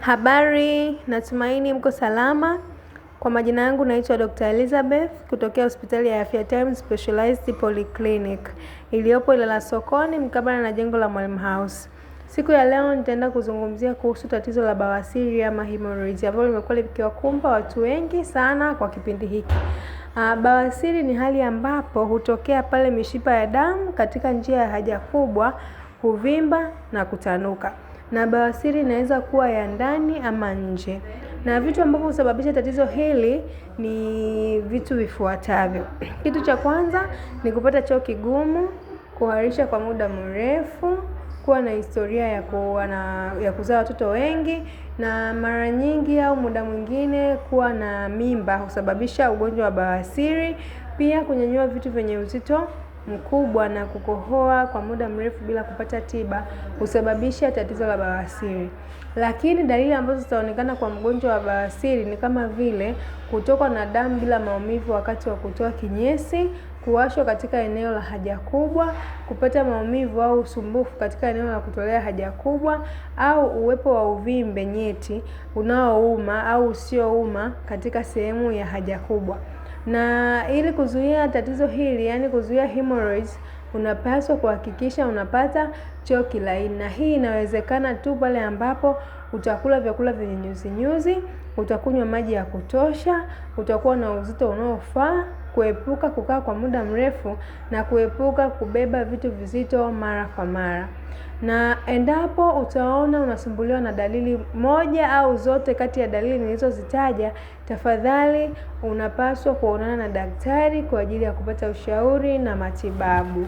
Habari, natumaini mko salama. Kwa majina yangu naitwa Dr. Elizabeth kutokea hospitali ya Afya Time Specialized Polyclinic iliyopo Ilala sokoni mkabala na jengo la Mwalimu House. Siku ya leo nitaenda kuzungumzia kuhusu tatizo la bawasiri ama hemorrhoids ambalo limekuwa likiwakumba watu wengi sana kwa kipindi hiki. Uh, bawasiri ni hali ambapo hutokea pale mishipa ya damu katika njia ya haja kubwa huvimba na kutanuka na bawasiri inaweza kuwa ya ndani ama nje. Na vitu ambavyo husababisha tatizo hili ni vitu vifuatavyo. Kitu cha kwanza ni kupata choo kigumu, kuharisha kwa muda mrefu, kuwa na historia ya kuwa na ya kuzaa watoto wengi na mara nyingi au muda mwingine kuwa na mimba husababisha ugonjwa wa bawasiri, pia kunyanyua vitu vyenye uzito mkubwa na kukohoa kwa muda mrefu bila kupata tiba husababisha tatizo la bawasiri. Lakini dalili ambazo zitaonekana kwa mgonjwa wa bawasiri ni kama vile kutokwa na damu bila maumivu wakati wa kutoa kinyesi, kuwashwa katika eneo la haja kubwa, kupata maumivu au usumbufu katika eneo la kutolea haja kubwa, au uwepo wa uvimbe nyeti unaouma au usiouma katika sehemu ya haja kubwa. Na ili kuzuia tatizo hili, yani kuzuia hemorrhoids, unapaswa kuhakikisha unapata choo kilaini, na hii inawezekana tu pale ambapo utakula vyakula vyenye nyuzinyuzi, utakunywa maji ya kutosha, utakuwa na uzito unaofaa kuepuka kukaa kwa muda mrefu na kuepuka kubeba vitu vizito mara kwa mara. Na endapo utaona unasumbuliwa na dalili moja au zote kati ya dalili nilizozitaja, tafadhali unapaswa kuonana na daktari kwa ajili ya kupata ushauri na matibabu.